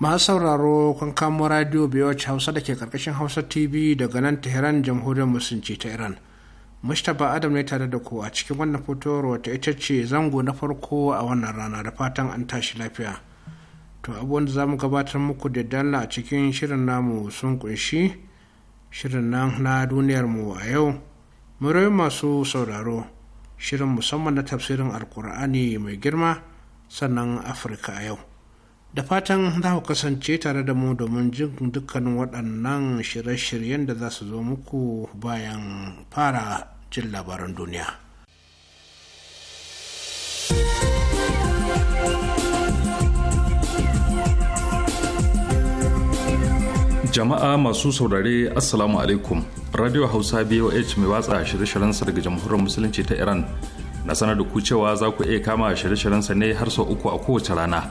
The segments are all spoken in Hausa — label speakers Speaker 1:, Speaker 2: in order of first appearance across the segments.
Speaker 1: masu sauraro kan kamo radio biyoci hausa da ke karkashin hausa tv daga nan tehran jamhuriyar musulunci ta iran mustapha adam ne tare da ku a cikin wannan fitowar wata ita ce zango na farko a wannan rana da fatan an tashi lafiya to abubuwan da za mu gabatar muku da dalla a cikin shirin namu sun kunshi shirin nan na duniyar mu a yau murayin masu sauraro shirin musamman na tafsirin alkur'ani mai girma sannan afirka a yau da fatan za ku kasance tare da mu domin jin dukkanin waɗannan shirye-shiryen da za su zo muku bayan fara jin labaran duniya
Speaker 2: jama'a masu saurare assalamu alaikum radio hausa boh mai watsa shirye sa daga jamhuriyar musulunci ta iran na sanar da ku cewa za ku iya kama shirye shiryen sa ne har sau uku a kowace rana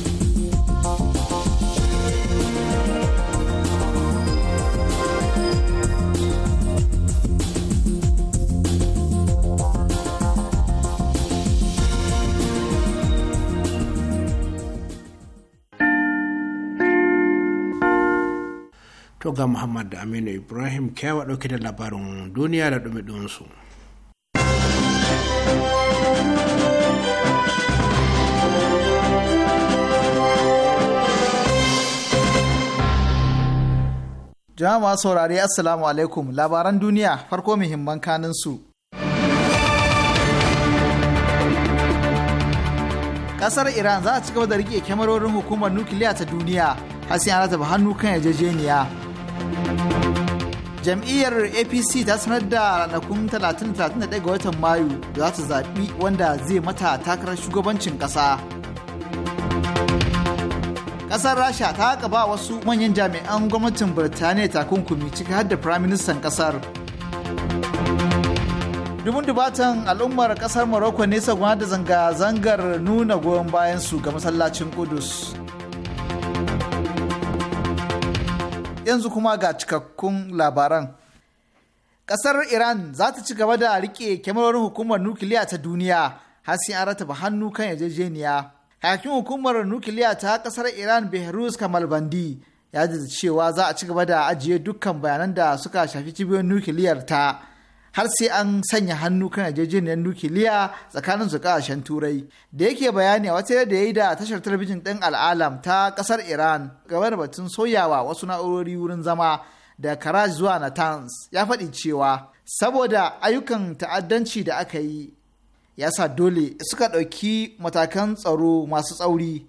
Speaker 1: to ga muhammad da aminu ibrahim kyawa ɗauki da labarin duniya da dumi su.
Speaker 3: jama'a saurari assalamu alaikum labaran duniya farko muhimman kanin su kasar iran za a ci gaba da rike kyamarorin hukumar nukiliya ta duniya har sai an rataba hannu kan yarjejeniya jam'iyyar apc ta sanar da ranakun 30-31 ga watan mayu da za ta zaɓi wanda zai mata takarar shugabancin ƙasa ƙasar rasha ta ba wasu manyan jami'an gwamnatin birtaniya takunkumi ciki har da firaministan ƙasar dubun dubatan al'ummar ƙasar morocco ne sagwana da zanga-zangar nuna goyon bayansu ga masallacin kudus yanzu kuma ga cikakkun labaran. Ƙasar Iran za ta ci gaba da riƙe kyamarorin hukumar nukiliya ta duniya har sai an rataba hannu kan yarjejeniya. Hakin hukumar nukiliya ta ƙasar Iran Behrus Kamal Bandi ya da cewa za a ci gaba da ajiye dukkan bayanan da suka shafi cibiyoyin nukiliyar ta. har sai an sanya hannu kan yarjejeniyar nukiliya tsakanin su kasashen turai da yake bayani a wata da ya yi da tashar talabijin ɗin al'alam ta ƙasar iran game da batun soyawa wasu na'urori wurin zama da karaj zuwa natanz ya faɗi cewa saboda ayyukan ta'addanci da aka yi ya sa dole suka ɗauki matakan tsaro masu tsauri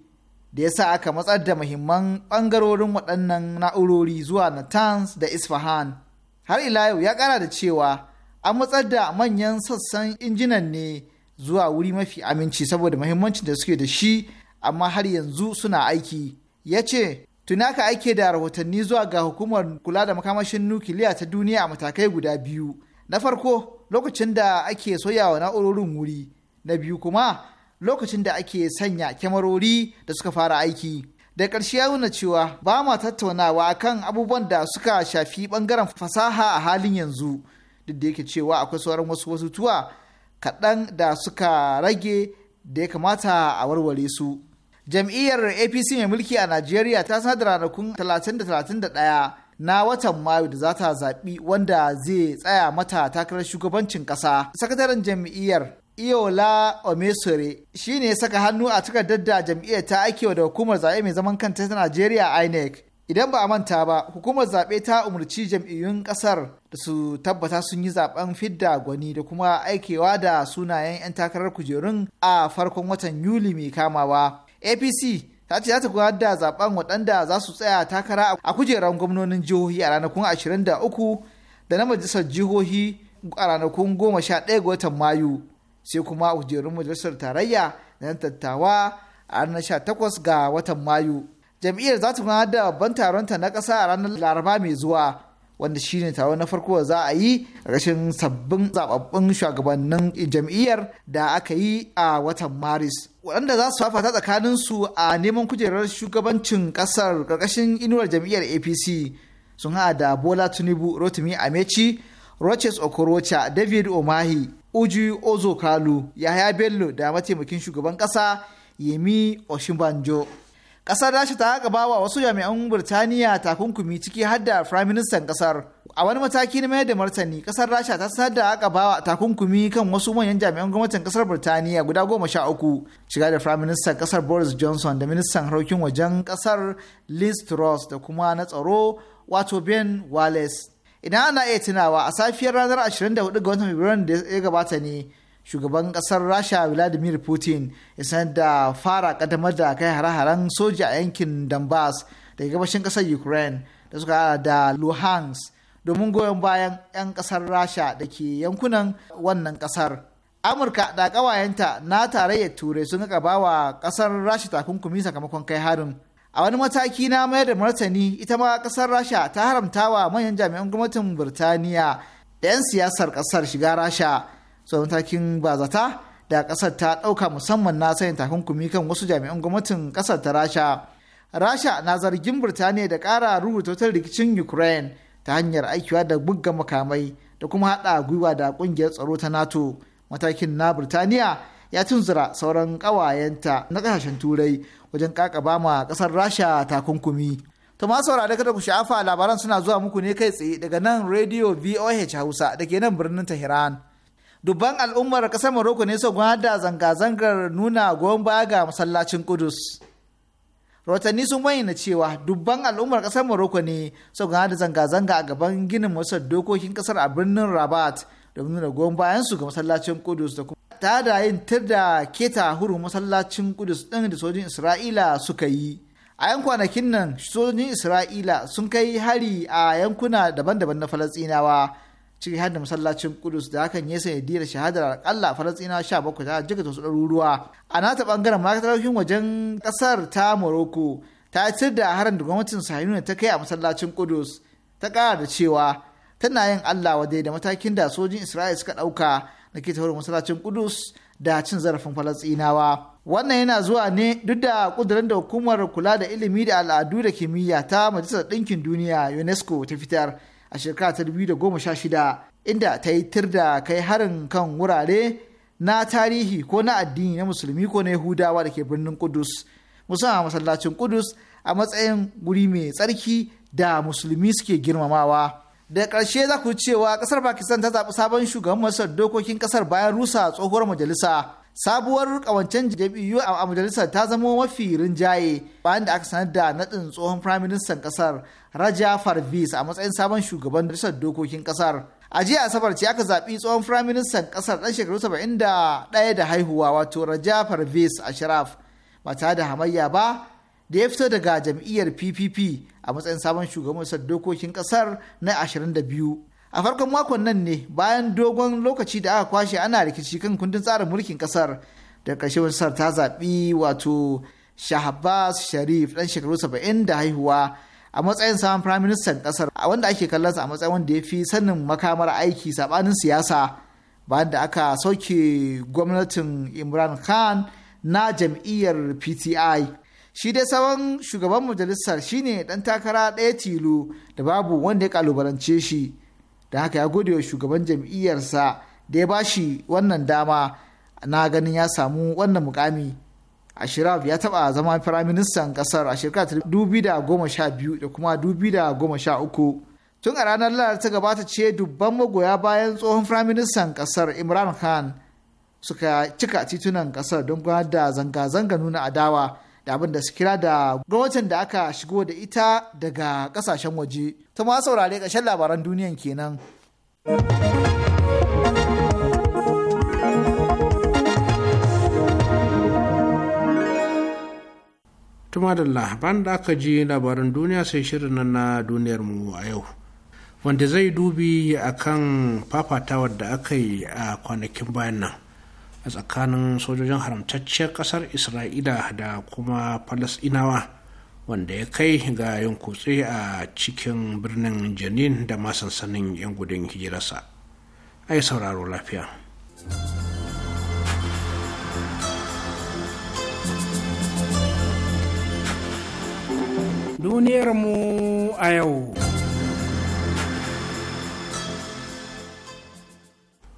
Speaker 3: da ya sa aka matsar da muhimman ɓangarorin waɗannan na'urori zuwa natanz da isfahan har ila yau ya ƙara da cewa a matsar da manyan sassan injinan ne zuwa wuri mafi aminci saboda mahimmancin da suke da shi amma har yanzu suna aiki ya ce tuna ka aike da rahotanni zuwa ga hukumar kula da makamashin nukiliya ta duniya a matakai guda biyu na farko lokacin da ake soyawa na'urorin wuri na biyu kuma lokacin da ake sanya kyamarori da suka fara aiki da ƙarshe ya nuna cewa ba ma tattaunawa kan abubuwan da suka shafi ɓangaren fasaha a halin yanzu duk da yake cewa akwai sauran wasu wasu tuwa kaɗan da suka rage da ya kamata a warware su jam'iyyar apc mai mulki a najeriya ta sanar da ranakun 30-31 na watan mayu da za ta zaɓi wanda zai tsaya mata takarar shugabancin ƙasa sakataren jam'iyyar Iyola Omesore shi ne saka hannu a takardar da jam'iyyar ta aikewa da hukumar zaɓe mai zaman kanta ta Najeriya INEC idan ba a manta ba hukumar zaɓe ta umarci jam'iyyun ƙasar da su tabbata sun yi zaɓen fidda gwani da kuma aikewa da sunayen 'yan takarar kujerun a farkon watan yuli mai kamawa apc ta ce za ta gudanar da zaɓen waɗanda za su tsaya takara a kujeran gwamnonin jihohi a ranakun 23 da na majalisar jihohi a ranakun 11 ga watan mayu sai kuma kujerun majalisar tarayya da na tattawa a ranar 18 ga watan mayu jam'iyyar za ta gudanar da babban taron ta na ƙasa a ranar laraba mai zuwa wanda shine taron na farko da za a yi rashin sabbin zababbin shugabannin jam'iyyar da aka yi a watan maris waɗanda za su fafata tsakanin su a neman kujerar shugabancin kasar karkashin inuwar jam'iyyar apc sun haɗa da bola tinubu rotimi amechi roches okorocha david omahi uju ozo kalu yahaya bello da mataimakin shugaban kasa yemi oshimbanjo kasar rasha ta gaba bawa wasu jami'an birtaniya takunkumi ciki har da Firaministan kasar a wani mataki na mayar da martani kasar rasha ta sanar da aka bawa takunkumi kan wasu manyan jami'an gwamnatin kasar birtaniya guda goma sha uku shiga da Firaministan kasar boris johnson da ministan harkokin wajen kasar liz truss da kuma na tsaro wato ben wallace idan ana iya tunawa a safiyar ranar 24 ga watan da ya gabata ne shugaban kasar rasha vladimir putin ya sanar da fara kaddamar da kai hare-haren soja a yankin donbass daga gabashin kasar ukraine da suka da luhansk domin goyon bayan 'yan kasar rasha da ke yankunan wannan kasar amurka da kawayenta na tarayyar turai sun ga wa kasar rasha takunkumi sakamakon kai harin a wani mataki na mayar da martani ita ma kasar rasha ta haramta wa manyan jami'an gwamnatin birtaniya da 'yan siyasar kasar shiga rasha tsoron matakin bazata da kasar ta dauka musamman na sanya takunkumi kan wasu jami'an gwamnatin kasar ta rasha rasha na zargin birtaniya da kara rubuta wutar rikicin ukraine ta hanyar aikiwa da bugga makamai da kuma hada gwiwa da kungiyar tsaro ta nato matakin na birtaniya ya tunzura sauran kawayenta na kasashen turai wajen ƙaƙaba ma kasar rasha takunkumi To ma saurare kada ku sha'afa labaran suna zuwa muku ne kai tsaye daga nan Radio VOH Hausa da ke nan birnin Tehran. dubban al'ummar ƙasar Morocco ne su gwada zanga-zangar nuna goyon baya ga masallacin Kudus. Rahotanni sun bayyana cewa dubban al'ummar ƙasar Morocco ne su gwada zanga-zanga a gaban ginin wasu dokokin ƙasar a birnin Rabat domin nuna goyon su ga masallacin Kudus da kuma ta da yin tir da keta huru masallacin Kudus ɗin da sojin Isra'ila suka yi. a yan kwanakin nan sojojin isra'ila sun kai hari a yankuna daban-daban na falasɗinawa ciki har da masallacin kudus da hakan ya sanadiyar shahadar a falastina sha bakwai ta jikata wasu ɗaruruwa a nata ɓangaren ɗaukin wajen ƙasar ta morocco ta cir da harin da gwamnatin sahiyuna ta kai a masallacin kudus ta ƙara da cewa tana yin allah wadai da matakin da sojin isra'ila suka ɗauka da ke taurin masallacin kudus da cin zarafin falastinawa wannan yana zuwa ne duk da ƙudurin da hukumar kula da ilimi da al'adu da kimiyya ta majalisar ɗinkin duniya unesco ta fitar a shekara ta 2016 inda ta yi tir da kai harin kan wurare na tarihi ko na addini na musulmi ko na yahudawa da ke birnin kudus musamman masallacin kudus a matsayin guri mai tsarki da musulmi suke girmamawa da ƙarshe za ku cewa ƙasar pakistan ta zaɓi sabon shugaban masar dokokin ƙasar bayan rusa tsohuwar majalisa sabuwar kawancen jam'iyyu a majalisar ta zama mafi rinjaye bayan da aka sanar da nadin tsohon firaministan kasar raja farvis a matsayin sabon shugaban majalisar dokokin kasar a jiya asabar ce aka zaɓi tsohon firaministan kasar ɗan shekaru saba'in da da haihuwa wato raja farvis sharaf ba tare da hamayya ba da ya fito daga jam'iyyar ppp a matsayin sabon shugaban majalisar dokokin kasar na 22 a farkon makon nan ne bayan dogon lokaci da aka kwashe ana rikici kan kundin tsarin mulkin kasar da ƙarshe wasar ta zaɓi wato shahabas sharif ɗan shekaru saba'in da haihuwa a matsayin saman firaministan ƙasar wanda ake kallonsa a matsayin wanda ya fi sanin makamar aiki saɓanin siyasa bayan da aka sauke gwamnatin imran khan na jam'iyyar pti shi dai sabon shugaban majalisar shine ɗan takara ɗaya tilo da babu wanda ya kalubalance shi da haka ya gode wa shugaban jam'iyyarsa da ya bashi wannan dama na ganin ya samu wannan mukami ashraf ya taba zama firaministan kasar a shekara ta da kuma 2013 da sha uku tun a ranar lalata ta gabata ce dubban magoya bayan tsohon firaministan kasar imran khan suka cika titunan kasar don gudanar da zanga-zanga nuna adawa da abin da su kira da gwamnatin da aka shigo da ita daga kasashen waje. Ta ma saurare ƙarshen labaran duniyan kenan.
Speaker 1: Tuma da ban da aka ji labaran duniya sai shirin na duniyarmu a yau. Wanda zai dubi akan fafatawar da aka yi a kwanakin bayan nan. a tsakanin sojojin haramtacciyar kasar isra'ila da kuma falasinawa wanda ya kai ga yin kutse a cikin birnin janin da ma sansanin 'yan gudun hijirarsa a yi sauraro lafiya duniyarmu a yau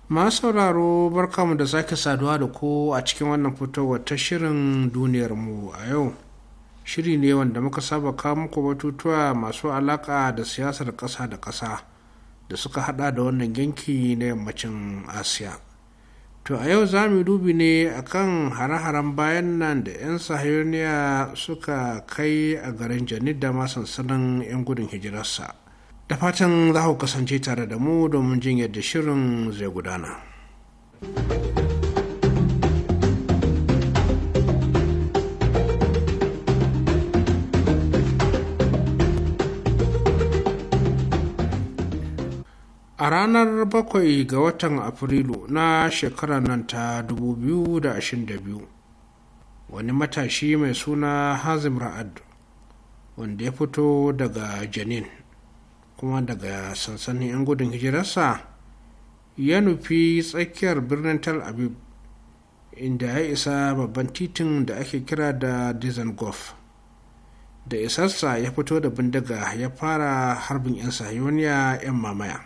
Speaker 1: masu sauraro barkamu da sake saduwa da ku a cikin wannan fitowar ta shirin duniyarmu a yau shiri ne wanda muka saba kawo muku batutuwa masu alaka da siyasar ƙasa da ƙasa da suka hada da wannan yanki na yammacin asiya to a yau za mu dubi ne akan hare-haren bayan nan da 'yan sahiyoniya suka kai a garin janid da ma sansanin 'yan gudun hijirarsa da fatan za ku kasance tare da mu domin jin yadda shirin zai gudana. A ranar bakwai ga watan Afrilu na shekarar nan ta 2022, wani matashi mai suna Hazim Ra'ad, wanda ya fito daga Janin kuma daga sansanin 'yan gudun hijirarsa ya nufi tsakiyar birnin tel aviv inda ya isa babban titin da ake kira da dizengoff da isarsa ya fito da bindiga ya fara harbin 'yan sahiyoniya 'yan mamaya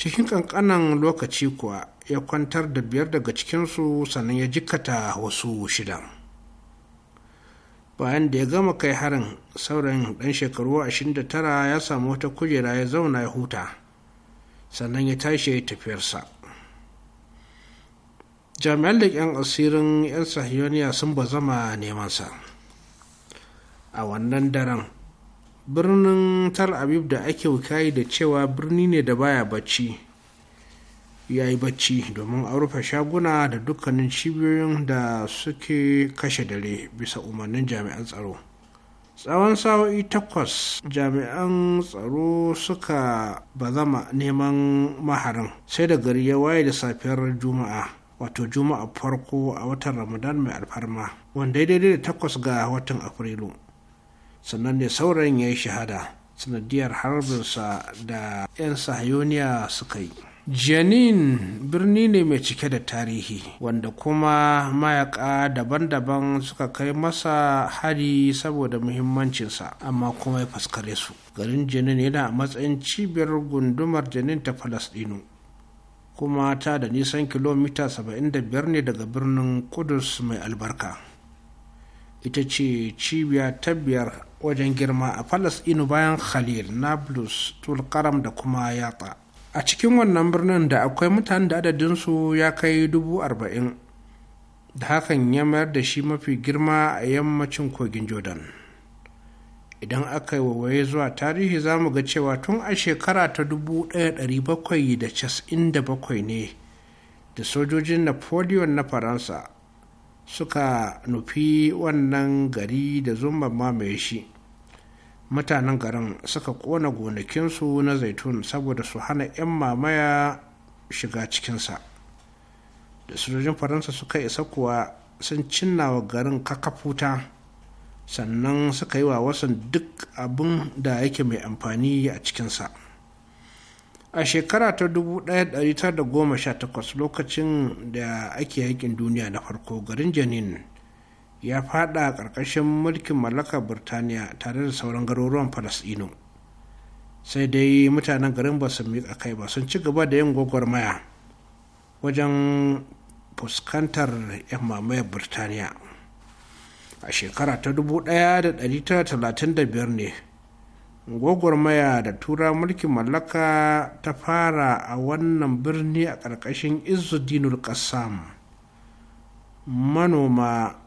Speaker 1: cikin kankanan lokaci kuwa ya kwantar da biyar daga cikinsu sannan ya jikkata wasu shida. bayan da ya gama kai harin sauran ɗan shekaru 29 ya samu wata kujera ya zauna ya huta sannan ya tashi ya tafiyarsa jami'an da yan asirin yan sahiyoniya sun bazama nemansa a wannan daren birnin tar aviv da ake wukayi da cewa birni ne da baya bacci ya yi bacci domin a rufe shaguna da dukkanin cibiyoyin da suke kashe dare bisa umarnin jami'an tsaro tsawon sa'o'i takwas jami'an tsaro suka bazama neman maharin sai da gari ya waye da safiyar juma'a wato juma'a farko a watan ramadan mai alfarma wanda daidai da takwas ga watan afrilu sannan ne sauran ya yi shahada sanadiyar harbinsa da 'yan sahayoniya suka yi Janin birni ne mai cike da tarihi wanda kuma mayaka daban-daban suka kai masa hari saboda muhimmancinsa amma kuma ya faskare su. Garin Janin yana a matsayin cibiyar gundumar Janin ta Falasɗinu kuma ta da nisan kilomita 75 ne daga birnin Kudus mai albarka. Ita ce cibiya ta biyar wajen girma a Falasɗinu bayan Khalil, Nablus, Tulkaram da kuma Yatsa. a cikin wannan birnin da akwai mutanen da adadinsu ya kai dubu arba'in da hakan ya mayar da shi mafi girma a yammacin kogin jordan idan aka yi wawaye zuwa tarihi za mu ga cewa tun a shekara ta dubu 1797 ne da sojojin napoleon na faransa suka nufi wannan gari da zumba mamaye shi mutanen garin suka kona gonakinsu na zaitun saboda su hana 'yan mamaya shiga cikinsa da sojojin faransa suka isa kuwa sun cinna wa garin kakafuta sannan suka yi wa wasan duk abin da yake mai amfani a cikinsa a shekara ta 1918 lokacin da ake yakin duniya na farko garin janin ya fada ƙarƙashin mulkin mallakar birtaniya tare da sauran garuruwan falasɗinu sai dai mutanen garin ba su miƙa kai ba sun ci gaba da yin gwagwarmaya wajen fuskantar 'yan mamayar birtaniya a shekara ta 1935 ne gwagwarmaya da tura mulkin mallaka ta fara a wannan birni a ƙarƙashin izudinul qassam manoma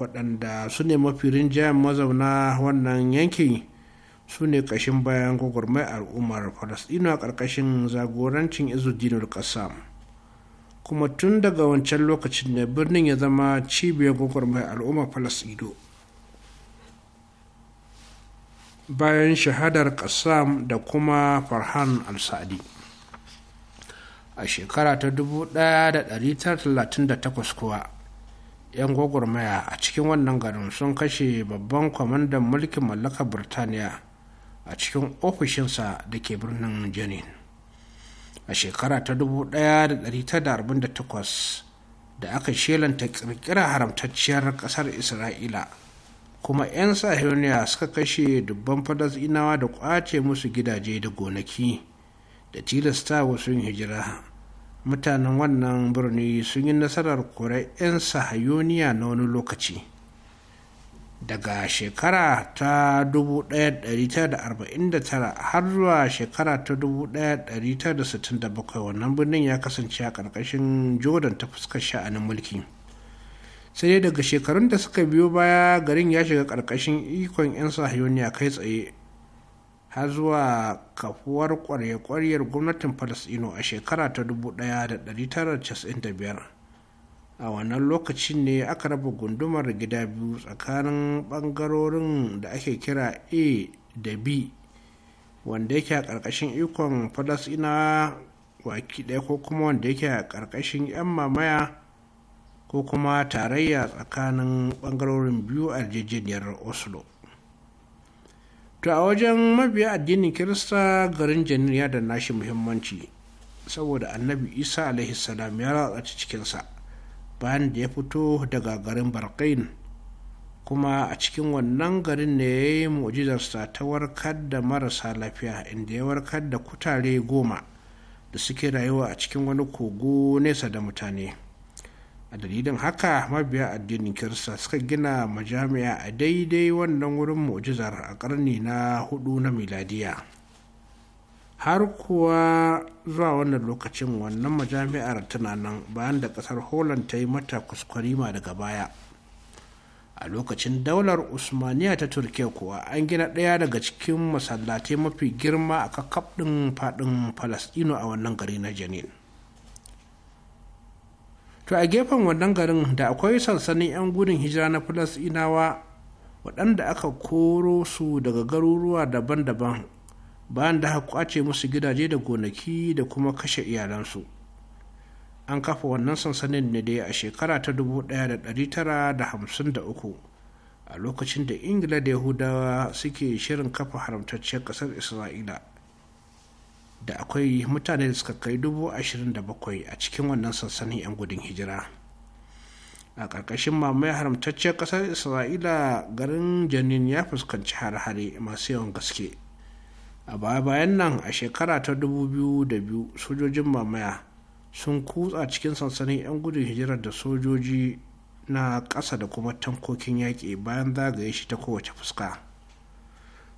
Speaker 1: waɗanda su ne mafi rinjayen mazauna wannan yankin su ne ƙashin bayan gwagwarmai al'ummar falasɗinu a ƙarƙashin zagorancin izudinul ƙasa kuma tun daga wancan lokacin da birnin ya zama cibiyar gwagwarmai al'ummar falasɗinu bayan shahadar ƙasam da kuma farhan al-sa'adi a shekara ta 1938 kuwa 'yan gwagwarmaya a cikin wannan garin sun kashe babban kwamandan mulkin mallakar birtaniya a cikin ofishinsa da ke birnin janin a shekara ta 1948 da aka shelanta kirkira haramtacciyar kasar isra'ila kuma 'yan sahiyoniya suka kashe dubban falasɗinawa da kwace musu gidaje da gonaki da tilasta wasu hijira mutanen wannan birni sun yi nasarar kore 'yan sahayoniya na wani lokaci daga shekara ta 1949 har zuwa shekara ta 1967 wannan birnin ya kasance a ƙarƙashin jordan ta fuskar sha'anin mulki sai dai daga shekarun da suka biyo baya garin ya shiga ƙarƙashin ikon 'yan sahayoniya kai tsaye har zuwa kafuwar kwarye-kwaryar gwamnatin falasino a shekara ta 1995 a wannan lokacin ne aka raba gundumar gida biyu tsakanin bangarorin da ake kira a da b wanda yake a ƙarƙashin ikon falasina waki ɗaya ko kuma wanda yake a ƙarƙashin 'yan mamaya ko kuma tarayya tsakanin bangarorin biyu a yarjejeniyar oslo to a wajen mabiya addinin kirista garin janin ya da nashi muhimmanci saboda annabi isa alaihi ya ratsa cikinsa bayan da ya fito daga garin barkain kuma a cikin wannan garin ne ya yi mu'jizarsa ta warkar da marasa lafiya inda ya warkar da kutare goma da suke rayuwa a cikin wani kogo nesa da mutane. a dalilin haka mabiya addinin kirista suka gina majami'a a daidai wannan wurin mu'jizar a ƙarni na hudu na miladiya har kuwa zuwa wannan lokacin wannan majami'ar tana nan bayan da ƙasar holland ta yi mata kuskurima daga baya a lokacin daular usmaniya ta turkiya kuwa an gina ɗaya daga cikin masallatai mafi girma a kakkaɓin faɗin falasɗino a wannan gari na janin to a gefen wannan garin da akwai sansanin 'yan gudun hijira na inawa waɗanda aka koro su daga garuruwa daban-daban bayan da aka kwace musu gidaje da gonaki da kuma kashe iyalansu an kafa wannan sansanin ne dai a shekara ta 1953 a lokacin da ingila da yahudawa suke shirin kafa haramtacciyar ƙasar isra'ila da akwai mutane da suka kai dubu ashirin da bakwai a cikin wannan sansanin 'yan gudun hijira a ƙarƙashin mamaya haramtacciyar ƙasar isra'ila garin janin ya fuskanci har-hare masu yawan gaske a baya-bayan nan a shekara ta 2002 sojojin mamaya sun kutsa cikin sansanin 'yan gudun hijira da sojoji na ƙasa da kuma tankokin yaƙi bayan zagaye shi ta kowace fuska.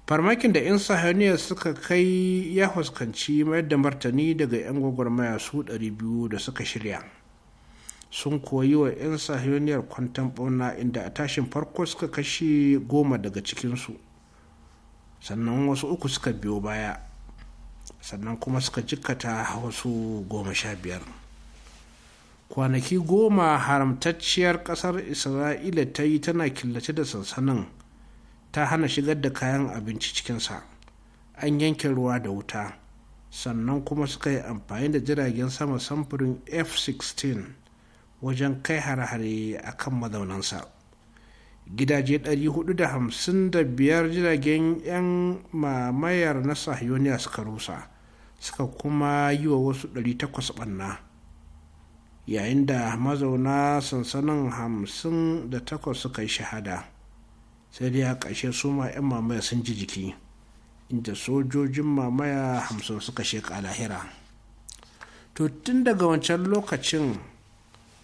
Speaker 1: farmakin da 'yan sahaniya suka kai ya fuskanci mayar da martani daga 'yan gwagwarmaya su 200 da suka shirya sun koyi wa 'yan sahaniyar kwantan bauna inda a tashin farko suka kashe goma daga cikinsu sannan wasu uku suka biyo baya sannan kuma suka jikata wasu goma sha biyar kwanaki goma haramtacciyar kasar isra'ila ta yi tana killace da sansanin ta hana shigar da kayan abinci cikinsa an yanke ruwa da wuta sannan kuma suka yi amfani da jiragen sama samfurin f-16 wajen kai hare-hare a kan mazaunansa gidaje 455 jiragen 'yan mamayar na sahiyoniya suka rusa suka kuma yi wa wasu 800 ɓanna yayin da mazauna sansanin 58 suka yi shahada sai dai a ƙarshe su ma 'yan mamaya sun ji jiki inda sojojin mamaya hamsin suka sheka lahira to tun daga wancan lokacin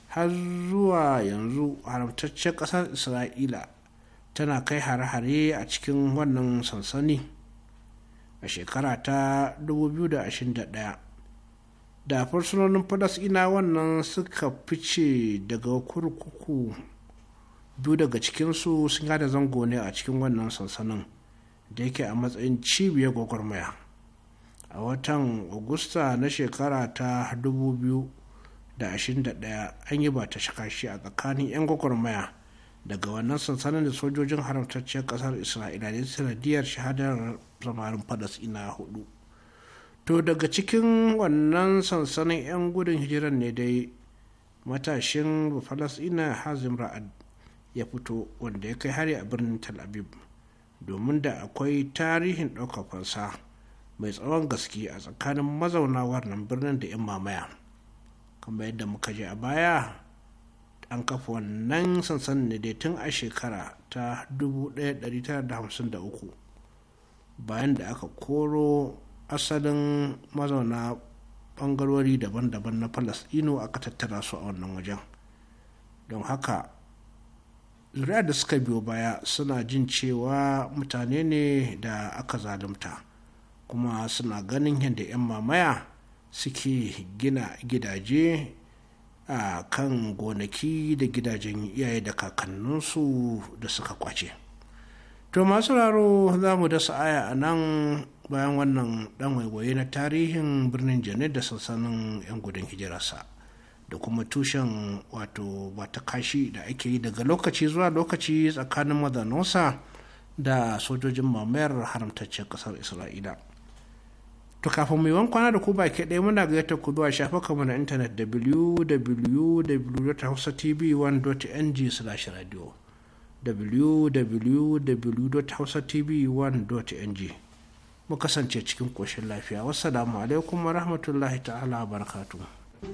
Speaker 1: har zuwa yanzu haramtaccen ƙasar isra'ila tana kai hare-hare a cikin wannan sansani a shekara ta 2021 da fursunonin ina wannan suka fice daga kurkuku biyu daga cikinsu sun yada zango ne a cikin wannan sansanin da yake a matsayin cibiyar gwagwarmaya a watan agusta na shekara ta 2021 an yi ba ta shakashi a tsakanin 'yan gwagwarmaya daga wannan sansanin da sojojin haramtacciyar kasar isra'ila ne sanadiyar shahadar samarin falasina hudu to daga cikin wannan sansanin 'yan gudun hijiran ne dai matashin falasina hazim ra'ad ya fito wanda ya kai hari a birnin tel aviv domin da akwai tarihin ɗaukar fansa mai tsawon gaske a tsakanin mazauna wannan birnin da 'yan mamaya kamar yadda muka je a baya an kafa wannan sansanin ne tun a shekara ta 1953 bayan da aka koro asalin mazauna ɓangarori daban-daban na falasɗinu aka tattara su a wannan wajen don haka zuriya da suka biyo baya suna jin cewa mutane ne da aka zalunta kuma suna ganin yadda 'yan mamaya suke gina gidaje a kan gonaki da gidajen iyaye da kakanninsu da suka kwace to masu raro za mu dasa aya a nan bayan wannan dan waiwaye na tarihin birnin janet da sansanin 'yan gudun hijirarsa. da kuma tushen wato bata kashi da ake yi daga lokaci zuwa lokaci tsakanin madanosa da sojojin mamayar haramtaccen kasar isra'ila to kafin mai kwana da ku baki ɗaya muna gayyata ku zuwa shafukanmu na intanet www.hausatv1.ng/radio www.hausatv1.ng mu kasance cikin ƙoshin lafiya wassalamu alaikum wa rahmatullahi ta'ala you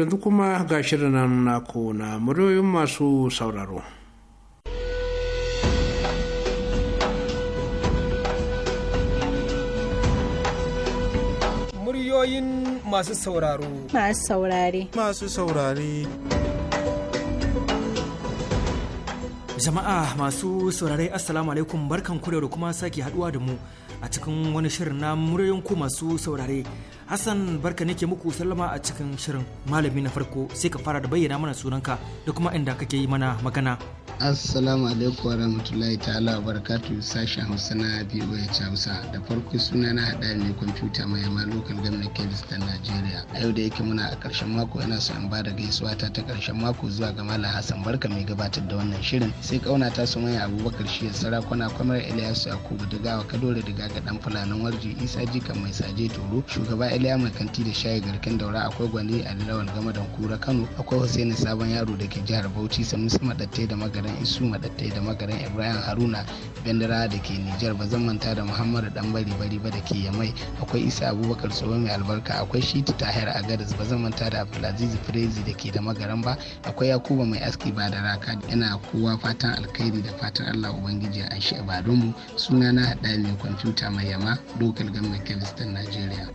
Speaker 1: yanzu kuma ga shirin nan naku na muryoyin masu sauraro.
Speaker 4: Muryoyin masu sauraro.
Speaker 5: Masu saurare. Masu saurare.
Speaker 6: Jama'a masu saurare Assalamu alaikum barkan da kuma sake haduwa da mu a cikin wani shirin na muryoyin ku masu saurare. Hassan barka ne ke muku sallama a cikin shirin malami na farko sai ka fara da bayyana mana sunanka da kuma inda kake yi mana magana.
Speaker 7: Assalamu alaikum wa rahmatullahi ta'ala wa sashen Hausa na BOH Hausa da farko suna na hada ne kwamfuta mai yamma local government kebis ta Najeriya. A yau da yake muna a ƙarshen mako yana so in bada gaisuwa ta ta ƙarshen mako zuwa ga Malam Hassan barka mai gabatar da wannan shirin. Sai kauna ta su mai Abubakar shi ya sarakuna kwamar Ilyasu Yakubu Digawa Kadore Diga ga dan Fulanin Warji Isa Jika mai saje Toro shugaba iliya mai kanti da shayi garkin daura akwai gwani a lawan game da kura kano akwai hussainin sabon yaro da ke jihar bauchi sanusi madattai da magaran isu madattai da magaran ibrahim haruna bendera da ke nijar ba zan manta da muhammadu dan bari bari ba da ke yamai akwai isa abubakar tsohon mai albarka akwai shiti tahir Agadis ba zan manta da abdulaziz firezi da ke da magaran ba akwai yakuba mai aski ba da raka yana kowa fatan alkhairi da fatan allah ubangiji a shi mu suna na hada mai kwamfuta mai yama dokar gamar kevistan najeriya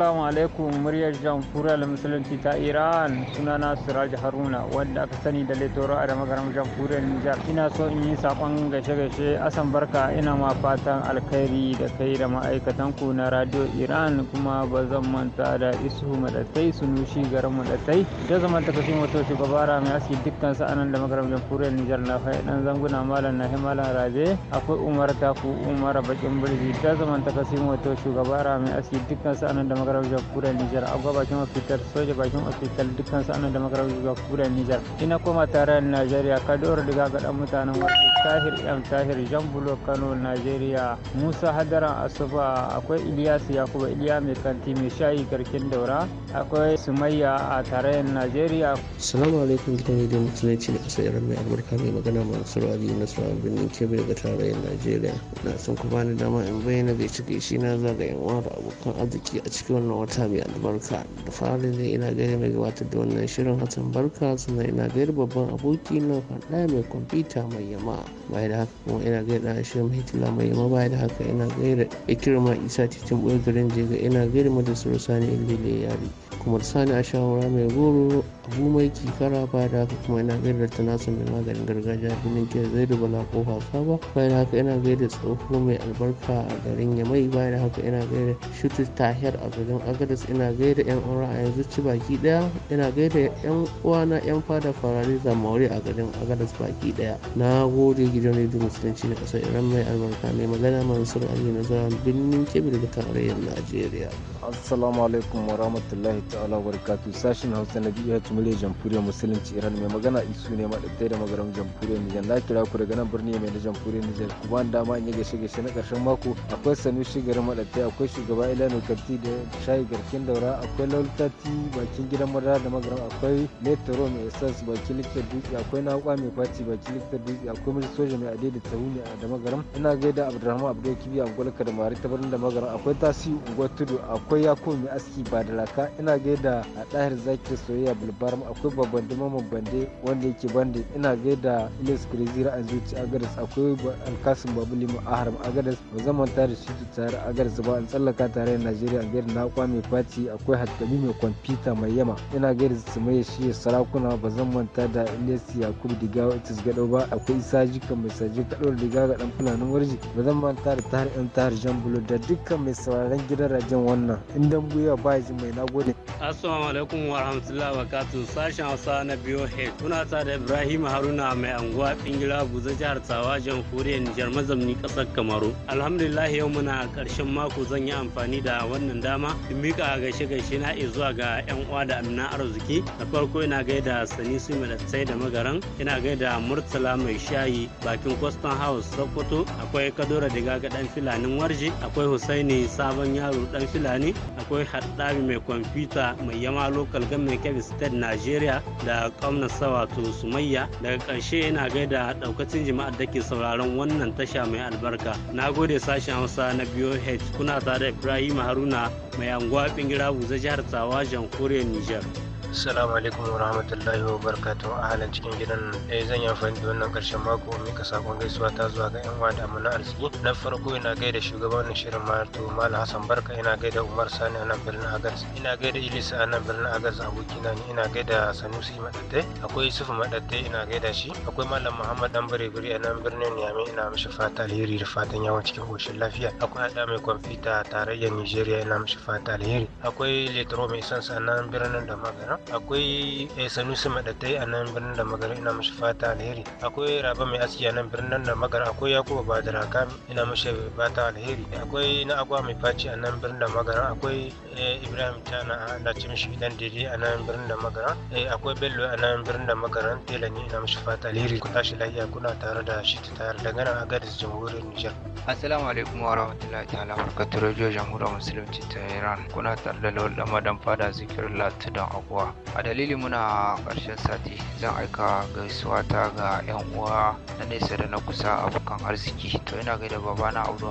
Speaker 8: Assalamu alaikum muryar jamhuriyar musulunci ta Iran sunana Siraj Haruna wanda aka sani da Letoro a damagaram jamhuriyar Nijar. Ina so in yi sakon gaishe-gaishe asan barka ina ma fatan alkhairi da kai da ma'aikatan ku na radio Iran kuma ba zan manta da isu madatai sunushi garin madatai da zaman ta kashe wato shugabara mai aski dukkan su anan da magaram jamhuriyar Nijar na fai dan zanguna malam na himalan rabe akwai umar ta ku umar bakin birji da zaman ta kashe wato shugabara mai aski dukkan su anan da magarar niger nijar agwa bakin ofitar soja bakin ofitar dukkan su da magarar jamhuriyar nijar ina koma tarayyar najeriya kadoro ga gaɗan mutanen wasu tahir m tahir jambulo kano nigeria musa hadaran asuba akwai iliyasu yakuba iliya mai kanti mai shayi garkin daura akwai sumayya a tarayyar najeriya
Speaker 9: salamu alaikum gidan rediyo musulunci da kasar mai mai magana masu rabi na sauran birnin kebe daga tarayyar najeriya na sun kuma ni dama in bayyana ciki gaishe na zaga wa da abokan arziki a cikin cikin wannan wata mai albarka da fara ne ina gani mai gabatar da wannan shirin hassan barka sannan ina gaida babban aboki na faɗa mai kwamfuta mai yama baya da haka kuma ina gaida da shirin hitila mai yama baya da haka ina da ikirma isa titin boye garin jega ina da mata sani ilile yari kuma da sani a shawara mai goro abu mai kikara baya da haka kuma ina gani da nasu mai maganin gargajiya binin ke zai da bala ko ba baya da haka ina da tsoho mai albarka a garin yamai baya da haka ina da shutu tahir a garin agadas ina gaida yan uwa a yanzu ci baki daya ina gaida yan uwana yan fada farare zamore a garin agadas baki daya na gode gidan rediyo musulunci na kasar iran mai albarka mai magana mansur ali na zara birnin kebbi daga tarayyar najeriya
Speaker 4: assalamu alaikum wa rahmatullahi ta'ala wa barakatuh sashen hausa na biyu ya tumule jamhuriyar musulunci iran mai magana isu ne maɗaɗɗai da magaram jamhuriyar nijar na kira ku daga nan birni mai na jamhuriyar nijar kuma dama in yi gashe gaishe na karshen mako akwai sanushi garin maɗaɗɗai akwai shugaba ilanu kanti da shayi garkin daura akwai lautati bakin gidan madara da magaram akwai metro mai essence bakin likitar dutse akwai nakwa mai kwaci bakin likitar dutse akwai mai soja mai ade da tahuni a da magaram ina gaida abdurrahman abdul kibi a gwalka da mari tabarin da magaram akwai tasi unguwar tudu akwai yakubu mai aski ba da laka ina gaida a ɗahir zakir soyayya bulbar akwai babban dimaman bande wanda yake bande ina gaida ilis crazy a zuci agadas akwai alkasin babuli mu a haram agadas ba zaman tare shi tare agadas ba an tsallaka tare najeriya a gaida sarakwa mai faci akwai hatsari mai kwamfuta mai yama ina gaida su mai shi sarakuna ba zan manta da ilesi yakubu wa ita gado ba akwai isa jika mai saje kaɗuwar diga ga ɗan fulanin warji ba zan manta da tahar yan tahar jan bulo da dukkan mai sauraron gidan rajin wannan in dan gwiwa ba ji mai nagode.
Speaker 7: assalamu alaikum wa rahmatullahi wa katu sashen hausa na biyo head kuna ta da ibrahim haruna mai anguwa bingila buza jihar tawa jamhuriyar nijar mazamni ƙasar kamaru alhamdulillah yau muna ƙarshen mako zan yi amfani da wannan dama in mika gaishe gaishe na zuwa ga yan uwa da amina arziki a farko ina gaida sanisi mai da magaran ina gaida murtala mai shayi bakin kwastan house sokoto akwai kadora diga ga dan filanin warje akwai husaini sabon yaro dan filani akwai haddabi mai kwamfuta mai yama local government kebbi state nigeria da sawa wato sumayya daga ƙarshe ina gaida daukacin jima'a da ke sauraron wannan tasha mai albarka na gode sashen hausa na biyo h kuna tare da ibrahim haruna mai anguwa bingira buza jihar tsawa jamhuriyar niger
Speaker 4: Assalamu alaikum wa rahmatullahi wa barakatuhu a halin cikin gidan da eh, zan yi amfani da wannan karshen mako ka sakon gaisuwa ta zuwa ga yan uwa da arziki na farko ina gaida shugaban shirin Marto Malam Hassan Barka ina gaida Umar Sani a nan birnin Agats. ina gaida Ilisa a nan birnin Agats abokina ne ina gaida Sanusi Madatte akwai Yusuf Madatte ina gaida shi akwai Malam Muhammad Dan Bare a nan birnin Niamey ina mishi fata alheri da fatan yawan cikin koshin lafiya akwai Ada mai kwamfuta tarayyar Nijeriya ina mishi fata alheri akwai Letro mai sansa nan birnin da akwai eh, sanusi madatai a nan birnin da magana ina mashi fata alheri akwai raba mai aski a nan birnin da magana akwai yakubu kam ina mashi fata alheri akwai na agwa mai faci a nan birnin da magana akwai eh, ibrahim tana a da ci mishi idan daidai a nan birnin da magana eh, akwai bello a nan birnin da magana tela ne ina mashi fata alheri ku tashi lafiya kuna tare da shi ta tare da ganin agadis jamhuriyar nijar assalamu alaikum wa rahmatullahi ta'ala
Speaker 8: barkatu rajiyar jamhuriyar musulunci ta iran kuna tare da lawal madan fada zikirin lati don agwa a dalili muna ƙarshen sati zan aika gaisuwa ta ga 'yan uwa na nesa da na kusa abokan arziki to ina gaida babana abu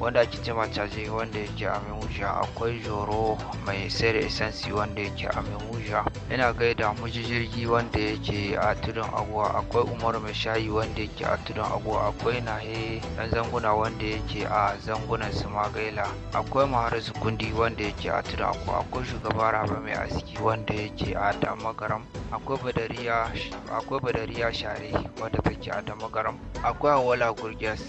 Speaker 8: wanda ake jima caje wanda yake a memuja akwai joro mai sayar da isansi wanda yake a memuja ina gaida muji jirgi wanda yake a tudun abuwa. akwai umaru mai shayi wanda yake a tudun abuwa. akwai nahe dan zanguna wanda yake a zangunan sumagaila akwai maharis gundi wanda yake a tudun abuwa. akwai shugaba rabe mai aski wanda yake a damagaram akwai badariya akwai badariya share wadda take a damagaram akwai awala gurges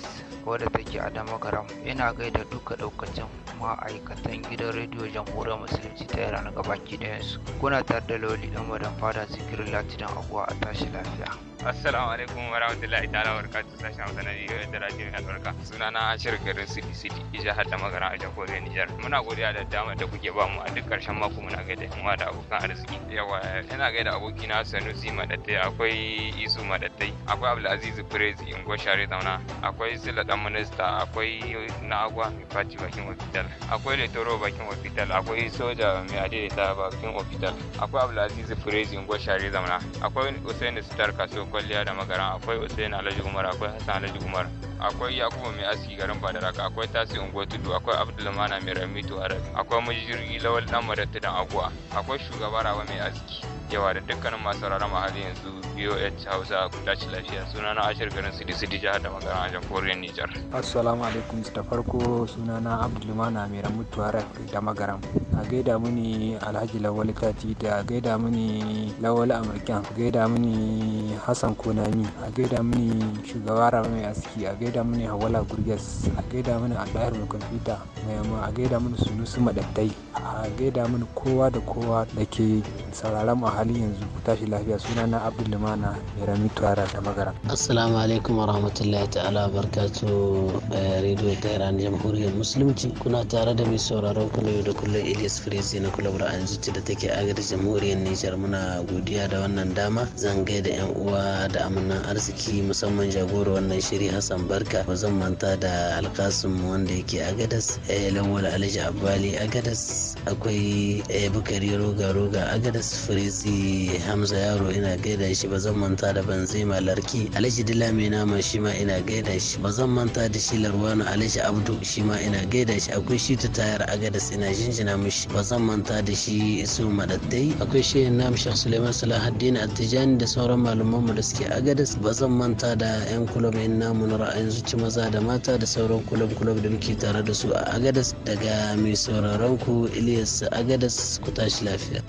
Speaker 8: wadda take a damagaram ina gaida duka daukacin ma'aikatan gidan rediyo jamhuriyar musulunci ta iran gabaki ɗayansu kuna tare da lauli dan madan fada zikirin latinan abuwa a tashi lafiya Assalamu alaikum wa rahmatullahi ta'ala wa barakatuhu sashen Hausa na biyu da radio mai Suna na Ashir garin City City Ija hadda magana a jamhuriyar Nijar. Muna godiya da dama da kuke ba mu a duk karshen mako muna gaida yan da abokan arziki. Yawa ina gaida abokina Sanusi Madatte akwai Isu Madatte akwai Abdulaziz Crazy Ingo Share Zauna akwai Sila dan minista akwai Na'agwa mai Fati bakin hospital akwai Letoro bakin hospital akwai Soja mai adaidaita bakin hospital akwai Abdulaziz Crazy Ingo Share Zauna akwai Usaini Sitar Kaso kwalliya da magaran akwai usain alhaji umar akwai hassan alhaji umar akwai yakubu mai aski garin badaraka akwai tasi unguwa tudu akwai abdulmana mai ramito arab akwai majirgi lawal dan madattadan aguwa akwai shugaba rawa mai aski yawa da dukkanin masu sauraron mahali yanzu BOH Hausa ku dace lafiya sunana Ashir garin Sidi Sidi jihar da magana a jamhuriyar Nijar.
Speaker 4: Assalamu alaikum da farko sunana Abdulmana Mera Mutuwar da magaram. A gaida mini Alhaji Lawal Kati da gaida mini Lawal Amurkan gaida mini Hassan Konami a gaida mini shugaba mai Aski a gaida mini hawala gurgas a gaida mini ɗahir mai kwamfuta mai yamma a gaida mini sunusu madattai a gaida mini kowa da kowa da ke sauraron a halin yanzu ku tashi lafiya
Speaker 7: suna na abdul limana irami tuwara da magara assalamu alaikum wa rahmatullahi ta'ala barkatu eh, radio tehran jamhuriyar musulunci kuna tare da mai sauraron ku yau da kullum ilyas firesi na kulabar an zuci da take agar jamhuriyar nijar muna godiya da wannan dama zan gaida yan uwa da amanan arziki musamman jagoro wannan shiri hassan barka ba zan manta da alkasim wanda yake agadas eh, lawal alhaji abali agadas akwai eh, bukari roga roga agadas firezi hamza yaro ina gaida shi ba zan manta da banzema larki alhaji dilami nama shi ma ina gaida shi ba zan manta da shi larwano alhaji abdu shi ma ina gaida shi akwai shi ta tayar agadas ina jinjina mishi ba zan manta da shi su madaddai akwai shi nam shekh suleiman salahaddin attijani da sauran mu da suke agadas ba zan manta da yan kulobin namu na ra'ayin yanzu ci maza da mata da sauran kulob-kulob da muke tare da su a agadas daga mai sauraron ku ilyas agadas ku tashi lafiya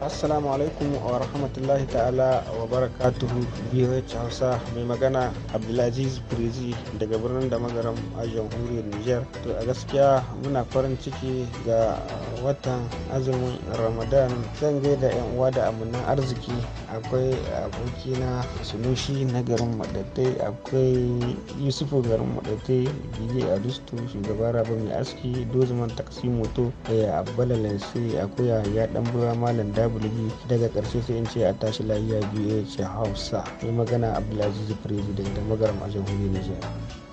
Speaker 1: assalamu alaikum wa rahmatullahi ta'ala wa barakatuhu bih hausa mai magana abdulaziz firizi daga birnin da magaram a jamhuriyar niger to a gaskiya muna farin ciki ga watan azumin ramadan zan gaida yan uwa da amanan arziki akwai abokina sunushi na garin madatai akwai yusufu garin madatai gigi adustu shugaba rabu mai aski dozman taksi moto eh,
Speaker 4: abbala lansi akwai ya dan malam dabi bulgi daga karshe sai in ce a tashi lafiya
Speaker 7: biyu ya ce hausa mai magana abdulaziz president da magaram a jamhuriyar nijar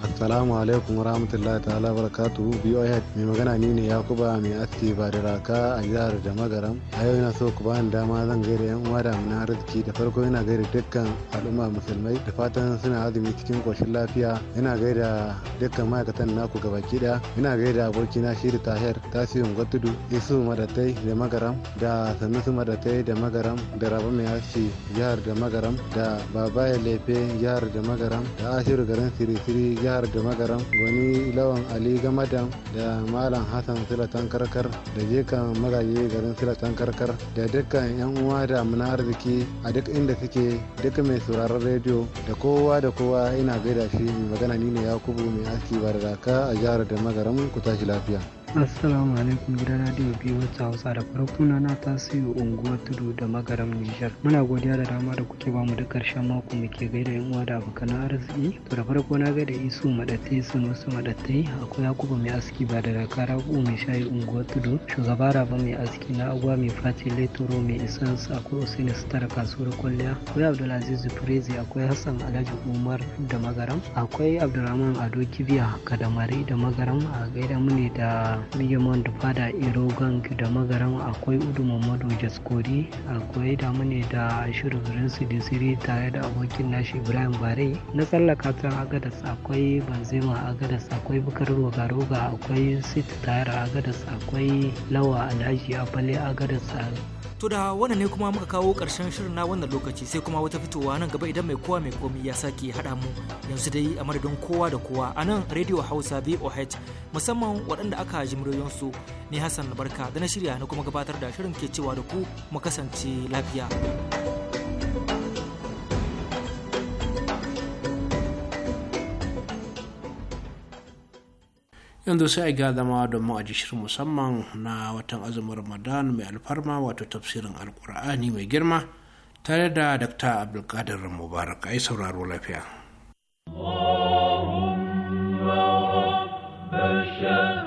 Speaker 7: assalamu alaikum rahmatullahi ta'ala barakatuhu biyo mai magana ni ne yakuba mai aski ba
Speaker 10: da raka a jihar da magaram a yau yana so ku bani dama zan gaida yan uwa da amina arziki da farko yana gaida dukkan al'umma musulmai da fatan suna azumi cikin koshin lafiya yana gaida
Speaker 7: dukkan ma'aikatan naku gaba ɗaya yana gaida aboki na shiri tahir tasirin gwatudu isu madatai da magaram da su madatai da magaram da rabu mai aski jihar da magaram da babaye lefe jihar da magaram da ashiru garin siri siri jihar
Speaker 10: da magaram gwani lawan ali gamadan da malam hassan silatan karkar da jekan magaje garin silatan karkar da dukkan yan uwa da muna arziki a duk inda suke duk mai sauraron rediyo da kowa da kowa ina gaida shi magana ni ne yakubu mai aski ba da a jihar da magaram ku tashi lafiya
Speaker 11: Assalamu alaikum gidan radio biyu wacce Hausa da farko na na tasiri unguwar tudu da magaram Nijar. Muna godiya da dama da kuke bamu duk karshen mako muke gaida yan uwa da abokan arziki. To da farko na gaida Isu Madatte su musu Madatte akwai Yakubu mai aski ba da Dakara ko mai shayi unguwar tudu. Shugaba Raba mai aski na agwa mai Fati Letoro mai Isans akwai Usaini Star kasuwar kwalliya. Akwai Abdulaziz Prezi akwai Hassan Alhaji Umar da magaram. Akwai Abdulrahman Ado Kibiya Kadamari da magaram a gaida mune da mijiman da fada iro gang da magaran akwai udu mamadu jaskori akwai mune da shirin su siri tare da abokin nashi ibrahim bare na tsallaka ta agadas akwai banzema agadas akwai bukar rogaroga akwai sit tayar agadas akwai lawa alhaji abale agadas
Speaker 6: To da wannan ne kuma muka kawo karshen shirin na wannan lokaci sai kuma wata fitowa nan gaba idan mai kowa mai komi ya sake haɗa mu yanzu dai a madadin kowa da kowa a nan Radio Hausa VOH musamman waɗanda aka ji su ni Hassan Barka da na shirya na kuma gabatar da shirin ke cewa da ku mu kasance lafiya.
Speaker 1: yanzu sai a gyara zama domin a ji shirin musamman na watan azumin ramadan mai alfarma wato tafsirin alkur'ani mai girma tare da dr abdulkadir mubarak ai sauraro lafiya Allahumma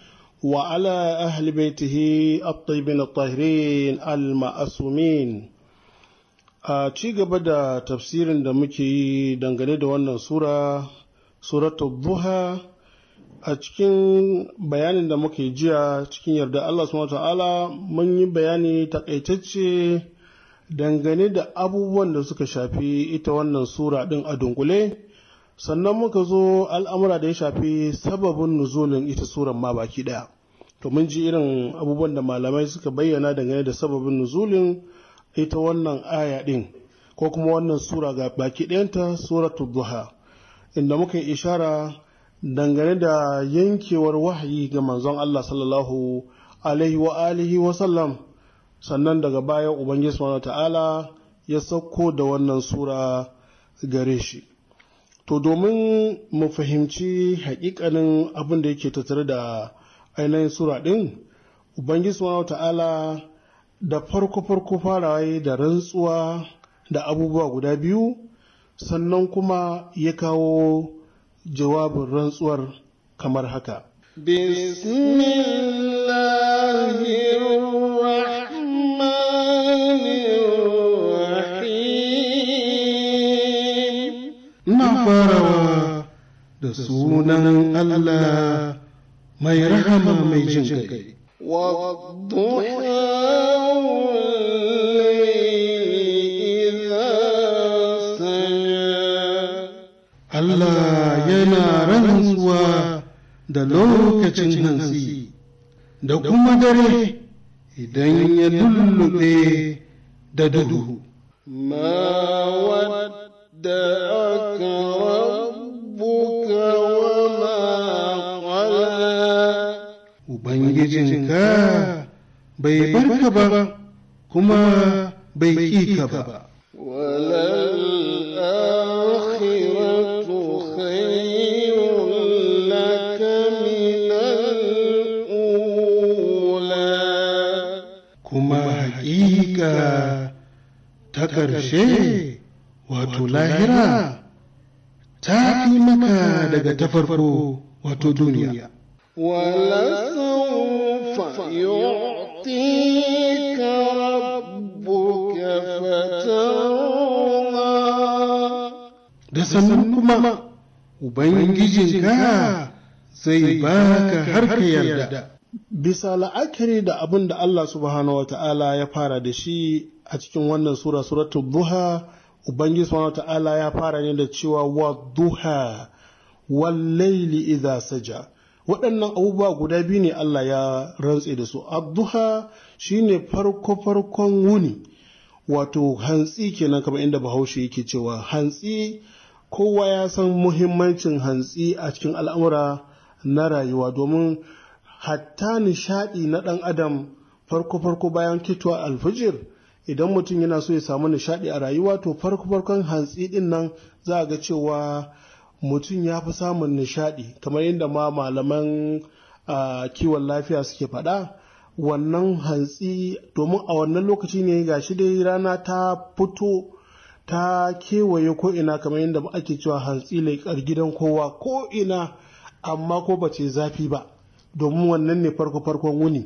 Speaker 10: وعلى أهل بيته الطيبين الطاهرين المأسومين a ci gaba da tafsirin da muke yi dangane da wannan sura suratu buha a cikin bayanin da muke jiya cikin yarda Allah subhanahu ta'ala mun yi bayani takaitacce dangane da abubuwan da suka shafi ita wannan sura din a dunkule sannan muka zo al'amura da ya shafi sababin nuzulin ita suran ma baki daya to mun ji irin abubuwan da malamai suka bayyana dangane da sababin nuzulin ita wannan aya din ko kuma wannan sura ga baki ɗayanta suratul duha inda muka yi ishara dangane da yankewar wahayi ga manzon Allah sallallahu alaihi wa alihi wa sallam sannan daga baya ubangiji subhanahu ta'ala ya sauko da wannan sura gare shi To domin mu fahimci hakikanin abin da yake tattare da ainihin sura ɗin, Ubangiji wa ta'ala da farko-farko farawa da rantsuwa da abubuwa guda biyu, sannan kuma ya kawo jawabin rantsuwar kamar haka.
Speaker 12: Bismillahirrahmanirrahim.
Speaker 10: farawa da sunan Allah mai rahama mai jin
Speaker 12: Allah yana rantsuwa
Speaker 10: da lokacin hansi da kuma dare idan ya lullube da duhu. Ma
Speaker 13: wadda
Speaker 10: Ubangijinka bai barka ba kuma bai ƙi ka ba. Kuma haƙiƙa ta ƙarshe wato lahira ta fi maka daga ta farko wato duniya. Wala فيعطيك
Speaker 12: ربك فترضى
Speaker 10: da sannan kuma ubangijinka zai baka har ka yarda bisa la'akari da abin da Allah subhanahu wa ta'ala ya fara da shi a cikin wannan sura suratul duha ubangiji subhanahu wa ta'ala ya fara ne da cewa wa duha wal laili idza saja waɗannan abubuwa guda biyu ne Allah ya rantse da su adduha shine farko farkon wuni wato hantsi kenan kamar inda bahaushe yake cewa hantsi kowa ya san muhimmancin hantsi a cikin al'amura na rayuwa domin hatta nishaɗi na ɗan adam farko farko bayan kitwa alfijir idan mutum yana so ya samu nishaɗi a rayuwa to farko farkon hantsi ɗin nan za a ga cewa mutum ya fi samun nishaɗi kamar yadda ma malaman kiwon lafiya suke faɗa wannan hantsi domin a wannan lokaci ne ga shi dai rana ta fito ta kewaye ko'ina kamar yadda ake cewa hantsi laikar gidan kowa ko'ina amma ko ba ce zafi ba domin wannan ne farko-farkon wuni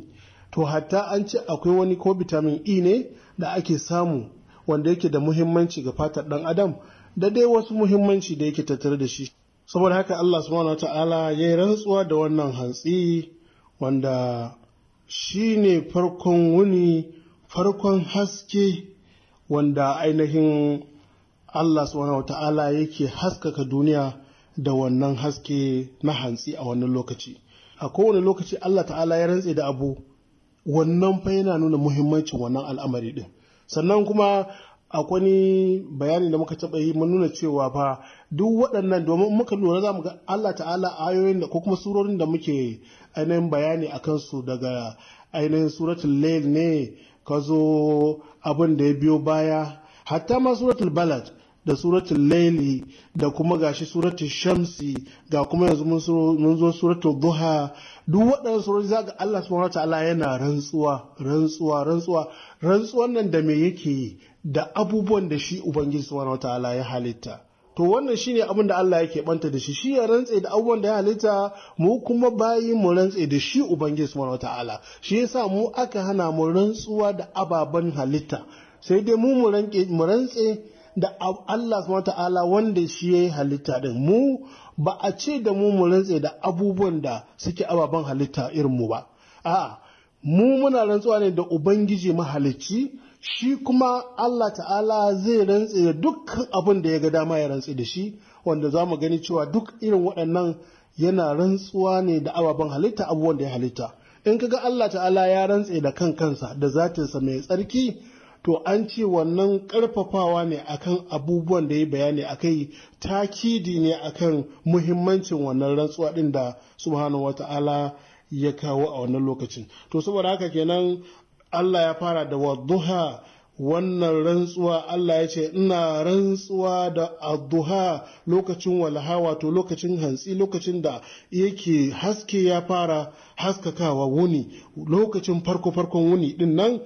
Speaker 10: to hatta an ce akwai wani ko vitamin e ne da ake samu wanda yake da muhimmanci ga fatar ɗan adam da dai wasu muhimmanci da yake tattare da shi saboda haka Allah subhanahu ta'ala ya yi rantsuwa da wannan hantsi wanda shi ne farkon wuni farkon haske wanda ainihin Allah subhanahu ta'ala yake haskaka duniya da wannan haske na hantsi a wannan lokaci a kowane lokaci Allah ta'ala ya rantse da abu wannan fa yana nuna muhimmancin wannan al'amari din sannan kuma akwai bayani da muka taɓa yi mun nuna cewa fa duk waɗannan domin muka lura za mu ga Allah ta'ala ayoyin da ko kuma surorin da muke ainihin bayani a kansu daga ainihin suratul layl ne ka zo abin da ya biyo baya hatta ma suratul balad da suratul layli da kuma gashi suratul shamsi ga kuma yanzu mun zo suratul duha duk waɗannan surori za ga Allah subhanahu ta'ala yana rantsuwa rantsuwa rantsuwa rantsuwan nan da me yake yi da abubuwan da shi Ubangiji subhanahu ta'ala ya halitta. To wannan shine abin da Allah yake banta da shi, shi ya rantse da abubuwan da ya halitta mu kuma bayi mu rantse da shi Ubangiji subhanahu ta'ala. Shi yasa mu aka hana mu rantsuwa da ababen halitta. Sai dai mu mu rantse da Allah subhanahu ta'ala wanda shi ya halitta din. Mu ba a ce da mu mu rantse da abubuwan da suke ababen halitta irin mu ba. A'a mu muna rantsuwa ne da Ubangiji mahalicci shi kuma Allah ta'ala zai rantse da dukkan abin da ya ga dama ya rantse da shi wanda za mu gani cewa duk irin waɗannan yana rantsuwa ne da ababen halitta abubuwan da ya halitta in ka ga Allah ta'ala ya rantse da kan kansa da zatinsa mai tsarki to an ce wannan karfafawa ne akan abubuwan da ya bayani akai takidi ne akan muhimmancin wannan rantsuwa din da subhanahu wata'ala ya kawo a wannan lokacin to saboda haka kenan Allah ya fara da wadduha wannan rantsuwa Allah ya ce ina rantsuwa da adduha lokacin walha wato lokacin hantsi lokacin da yake haske ya fara haskakawa wuni lokacin farko farkon wuni din nan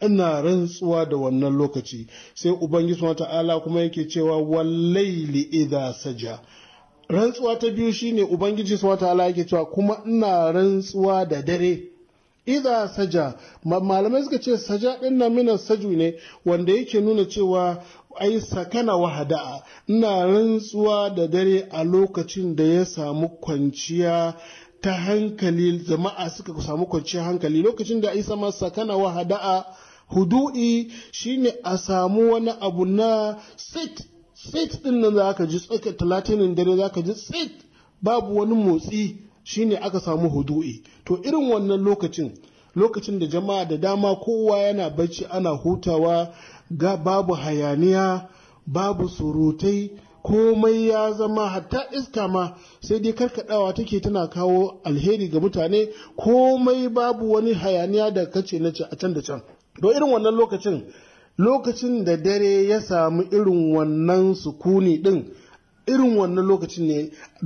Speaker 10: ina rantsuwa da wannan lokaci sai ubangiji ta'ala kuma yake cewa wallaili idha saja rantsuwa ta biyu shine ubangiji ta'ala yake cewa kuma ina rantsuwa da dare idha saja malamai suka ce saja din nan mina saju ne wanda yake nuna cewa ai sakana wahada'a ina rantsuwa da dare a lokacin da ya samu kwanciya ta hankali jama'a suka samu kwanciyar hankali lokacin da isa ma sakana wahada'a hudu'i shine a samu wani abu na sit sit din nan za ka ji tsakar talatinin dare za ka ji sit babu wani motsi ne aka samu hudu'i to irin wannan lokacin lokacin da jama'a da dama kowa yana bacci ana hutawa ga babu hayaniya babu surutai komai ya zama hatta iska ma sai dai karkadawa take tana kawo alheri ga mutane komai babu wani hayaniya da kace na a can da can to irin wannan lokacin lokacin da dare ya samu irin wannan sukuni din irin wannan lokacin ne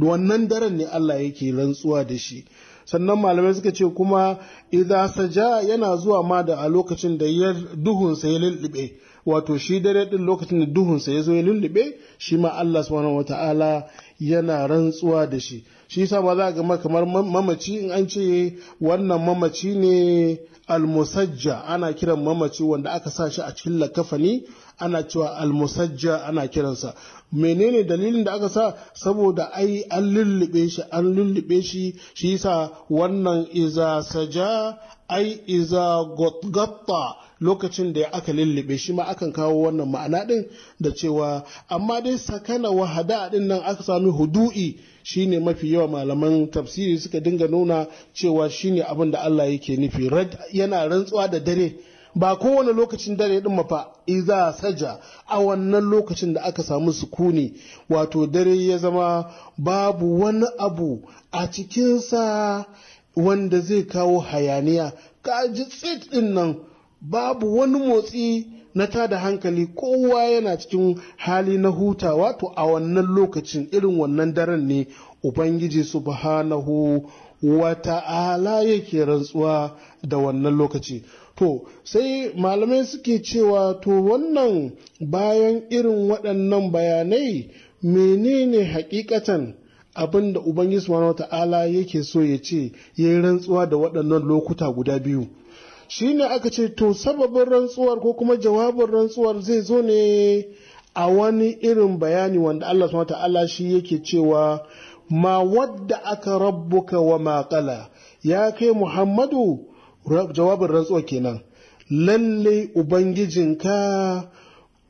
Speaker 10: wannan daren ne Allah yake rantsuwa da shi sannan malamai suka ce kuma idza saja yana zuwa ma da a lokacin da ya duhunsa ya lullube wato shi dare din lokacin da duhunsa ya zo ya lullube shi ma Allah subhanahu wataala yana rantsuwa da shi shi yasa ba za ga kamar mamaci in an ce wannan mamaci ne al-musajja ana kiran mamaci wanda aka sa shi a cikin lakafani ana cewa almusajja ana kiransa menene dalilin da aka sa saboda ai an lullube shi an lullube shi shi yasa wannan iza saja ai iza gotgatta lokacin da aka lullube shi ma akan kawo wannan ma'ana din da cewa amma dai sakana wahada din nan aka sami hudu'i shine mafi yawa malaman tafsiri suka dinga nuna cewa shine abin da Allah yake nufi yana rantsuwa da dare ba kowane lokacin dare din mafa iza saja a wannan lokacin da aka samu sukuni wato dare ya zama babu wani abu a cikinsa wanda zai kawo hayaniya ka ji tsit din nan babu wani motsi na tada hankali kowa yana cikin hali na huta, wato a wannan lokacin irin wannan daren ne ubangiji subhanahu ala yake rantsuwa da wannan lokaci To, sai malamai suke cewa to wannan bayan irin waɗannan bayanai menene hakikatan abin da Ubangiji subhanahu ta'ala yake so ya ce ya yi rantsuwa da waɗannan lokuta guda biyu. Shi ne aka ce to sababin rantsuwar ko kuma jawabin rantsuwar zai zo ne a wani irin bayani wanda Allah subhanahu ta'ala shi yake cewa ma wadda aka rabbuka wa maƙala ya kai Muhammadu jawabin rantsuwa kenan lalle ubangijinka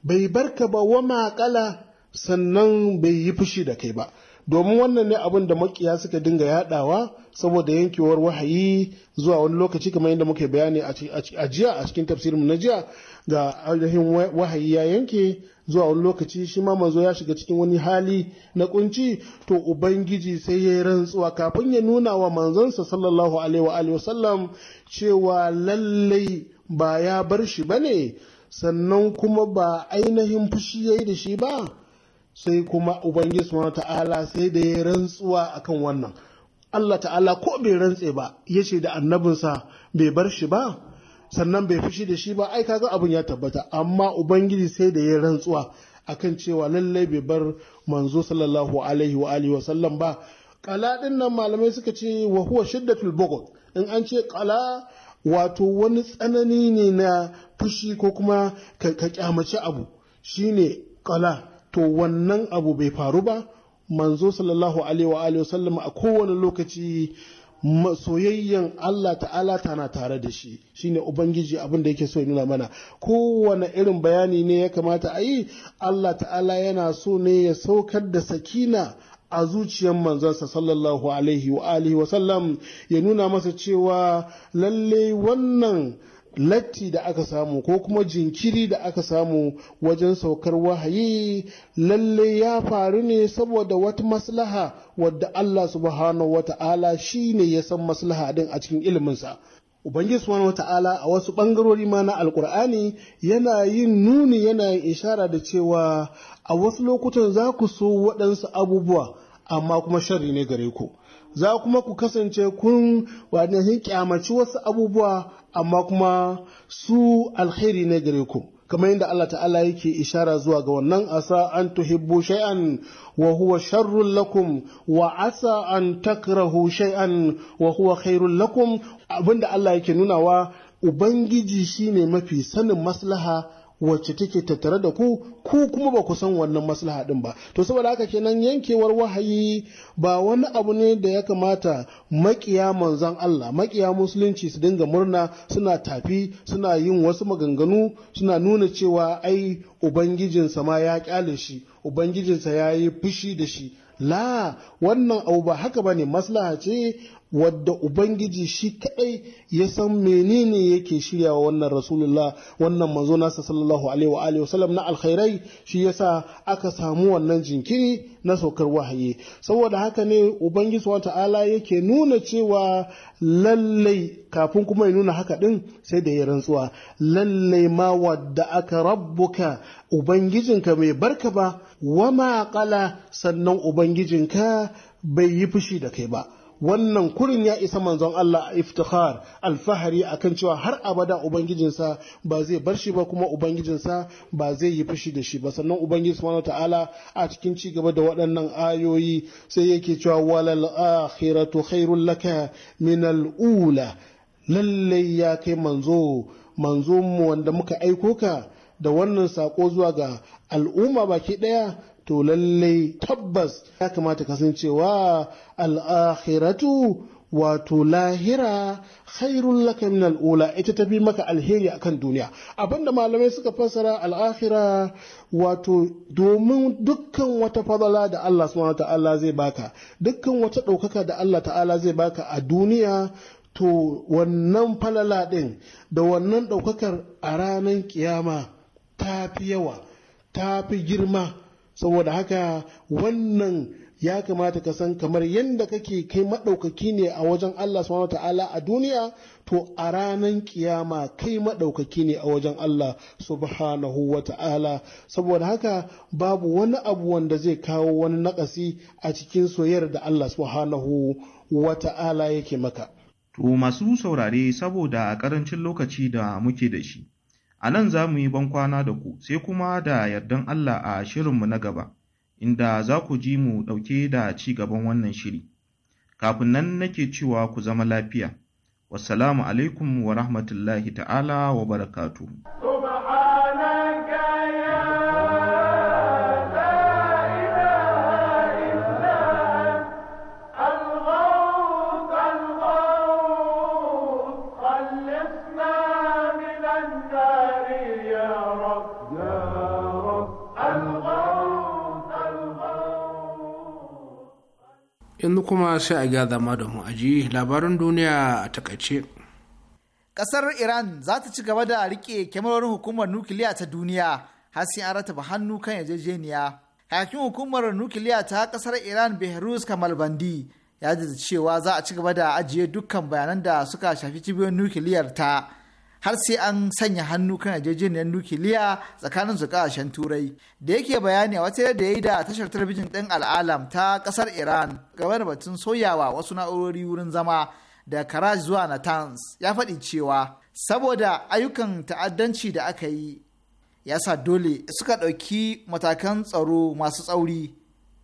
Speaker 10: bai barka ba wa makala sannan bai yi fushi da kai ba domin wannan ne abin da makiya suka dinga yadawa saboda yankewar wahayi zuwa wani lokaci kamar yadda muka bayani a jiya a cikin tafsirin na jiya ga ainihin wahayi ya yanke zuwa wani lokaci shi ma manzo ya shiga cikin wani hali na kunci to ubangiji sai ya yi rantsuwa kafin ya nuna wa manzonsa sallallahu alaihi wa sallam. cewa lallai ba ya bar shi ne sannan kuma ba ainihin fushi ya yi da shi ba sai kuma ubangiji wata ta'ala sai da ya rantsuwa akan wannan Allah ta'ala ko bai rantse ba ya ce da annabinsa bai bar shi ba sannan bai fushi da shi ba ai kaga abin ya tabbata amma ubangiji sai da ya rantsuwa akan cewa lallai bai bar manzo sallallahu alaihi wa alihi wa ba kala din nan malamai suka ce wa huwa shiddatul bughd in an ce kala wato wani tsanani ne na fushi ko kuma ka kyamaci abu shine kala to wannan abu bai faru ba manzo sallallahu alaihi wa alihi wasallam a kowane lokaci soyayyen Allah ta'ala tana tare da shi shine ubangiji abin da yake so ya nuna mana kowane irin bayani ne ya kamata a yi Allah ta'ala yana so ne ya saukar da sakina a zuciyar manzansa sallallahu alaihi wa alihi wa sallam ya nuna masa cewa lalle wannan latti da aka samu ko kuma jinkiri da aka samu wajen saukar wahayi lalle ya faru ne saboda wata maslaha wadda Allah subhanahu wata'ala shi ne ya san maslaha din a cikin iliminsa. Ubangiji subhanahu wata'ala a wasu ɓangarori ma na alkur'ani yana yin nuni yana yin ishara da cewa a wasu lokutan za ku so waɗansu abubuwa amma kuma shari ne gare ku. za kuma ku kasance kun wadanihin kyamaci wasu abubuwa amma kuma su alheri ne gare ku kamar yadda Allah ta'ala yake ishara zuwa ga wannan asa an tuhibbu shay'an wa huwa sharrun lakum wa asa an takrahu shay'an wa huwa khairul lakum abinda Allah yake nunawa ubangiji shine mafi sanin maslaha wacce take tattare da ku ku kuma ba ku san wannan maslaha din ba to saboda haka kenan yankewar wahayi ba wani abu ne da ya kamata makiya manzan Allah makiya musulunci su dinga murna suna tafi suna yin wasu maganganu suna nuna cewa ai ubangijinsa ma ya kyale shi ubangijinsa ya yi fushi da shi la wannan abu ba haka ba ne maslaha ce wadda ubangiji shi kadai ya san menene yake shirya wa wannan rasulullah wannan manzo nasa sallallahu alaihi wa alihi wasallam na alkhairai shi yasa aka samu wannan jinkiri na saukar wahayi saboda haka ne ubangiji wa ta'ala yake nuna cewa lallai kafin kuma ya nuna haka din sai da ya rantsuwa lallai ma wadda aka rabbuka ubangijinka mai barka ba wama kala sannan ubangijinka bai yi fushi da kai ba wannan kurin ya isa manzon Allah a iftihar alfahari akan cewa har abada ubangijinsa ba zai bar shi ba kuma ubangijinsa ba zai yi fushi da shi ba sannan ubangiji subhanahu ta'ala a cikin ci gaba da waɗannan ayoyi sai yake cewa walal akhiratu khairul laka min al ula lallai ya kai manzo manzo wanda muka aiko ka da wannan sako zuwa ga al'umma baki ɗaya to lallai tabbas ya kamata kasancewa al'akhiratu wato lahira khairun laka min al'ula ita tafi maka alheri a kan duniya abinda malamai suka fassara al'akhira wato domin dukkan wata fadala da Allah subhanahu ta'ala zai baka dukkan wata ɗaukaka da Allah ta'ala zai baka a duniya to wannan falala ɗin da wannan ɗaukakar a ranar kiyama ta fi yawa ta fi girma saboda haka wannan ya kamata ka san kamar yadda kake kai maɗaukaki ne a wajen Allah subhanahu ta'ala a duniya to a ranar kiyama kai maɗaukaki ne a wajen Allah subhanahu wa ta'ala saboda haka babu wani abu wanda zai kawo wani nakasi a cikin soyayyar da Allah subhanahu wa ta'ala yake maka.
Speaker 5: To masu saurare saboda a ƙarancin lokaci da muke da shi. A nan za mu yi bankwana da ku sai kuma da yardan Allah a shirinmu na gaba, inda za ku ji mu ɗauke da ci gaban wannan shiri. Kafin nan nake cewa ku zama lafiya. Wassalamu alaikum wa rahmatullahi ta'ala wa barakatuhu.
Speaker 1: yanzu kuma sai a gaza ma da mu aji labaran duniya a takaice.
Speaker 3: Kasar Iran za ta ci gaba da rike kyamarorin hukumar nukiliya ta duniya har sai an rataba hannu kan yarjejeniya. Hakin hukumar nukiliya ta kasar Iran Behrus Kamal Bandi ya da cewa za a ci gaba da ajiye dukkan bayanan da suka shafi cibiyoyin nukiliyar ta. har sai an sanya hannu kan yarjejeniyar nukiliya tsakanin su kasashen turai da yake bayani a wata da ya yi da tashar talabijin ɗin al'alam ta ƙasar iran game da batun soyawa wasu na'urori wurin zama da karaj zuwa natanz ya faɗi cewa saboda ayyukan ta'addanci da aka yi ya sa dole suka ɗauki matakan tsaro masu tsauri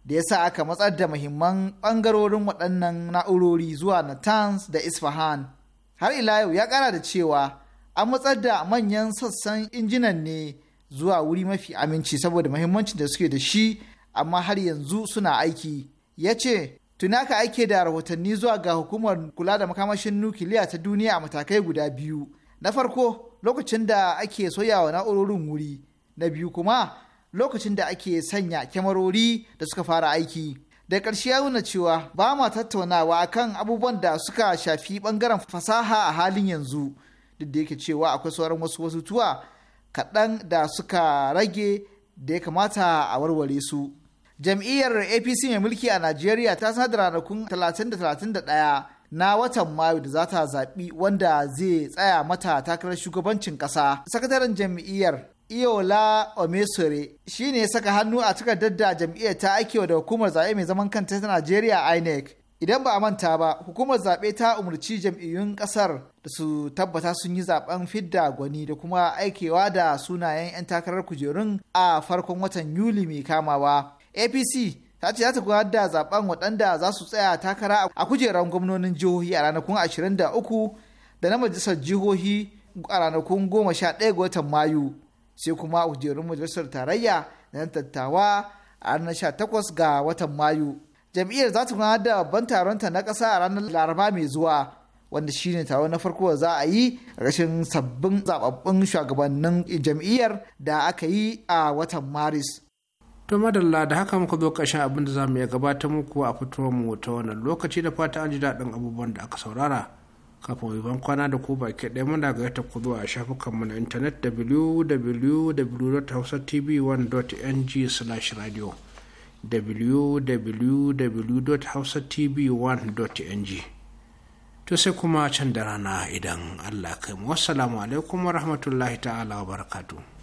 Speaker 3: da ya sa aka matsar da muhimman ɓangarorin waɗannan na'urori zuwa natanz da isfahan har ila yau ya ƙara da cewa a matsar da manyan sassan injinan ne zuwa wuri mafi aminci saboda mahimmancin da suke da shi amma har yanzu suna aiki ya ce tuna ka aike da rahotanni zuwa ga hukumar kula da makamashin nukiliya ta duniya a matakai guda biyu na farko lokacin da ake soya wa na'urorin wuri na biyu kuma lokacin da ake sanya kyamarori da suka fara aiki da ƙarshe ya nuna cewa ba ma tattaunawa akan abubuwan da suka shafi ɓangaren fasaha a halin yanzu duk da yake cewa akwai sauran wasu wasu tuwa kaɗan da suka rage da ya kamata a warware su jam'iyyar apc mai mulki a najeriya ta sanar da ranakun 30-31 na watan mayu da za ta zaɓi wanda zai tsaya mata takarar shugabancin ƙasa sakataren jam'iyyar iyola omesore shi ne saka hannu a takardar da jam'iyyar ta aikewa da hukumar zaɓe mai zaman kanta ta najeriya inec idan ba a manta ba hukumar zaɓe ta umarci jam'iyyun ƙasar da su tabbata sun yi zaɓen fidda gwani da kuma aikewa da sunayen 'yan takarar kujerun a farkon watan yuli mai kamawa apc ta ce za ta gudanar da zaɓen waɗanda za su tsaya takara a kujeran gwamnonin jihohi a ranakun 23 da na majalisar jihohi a ranakun 11 ga watan mayu sai kuma kujerun majalisar tarayya da na tattawa a ranar 18 ga watan mayu jam'iyyar za ta gudanar da babban ta na ƙasa a ranar laraba mai zuwa wanda shine taron na farko da za a yi rashin sabbin zababbun shugabannin jam'iyyar da aka yi a watan maris to madalla
Speaker 1: da haka muka zo ƙarshen abin da za mu iya gabatar muku a fitowar mu ta wannan lokaci da fata an ji daɗin abubuwan da aka saurara kafin mu ban kwana da ku baki ɗaya muna ga ta ku zuwa a shafukanmu na intanet www.hausatv1.ng/radio www.hausatv1.ng to sai kuma can da rana idan allah kai mu wasu alaikum wa rahmatullahi ta'ala wa barakatu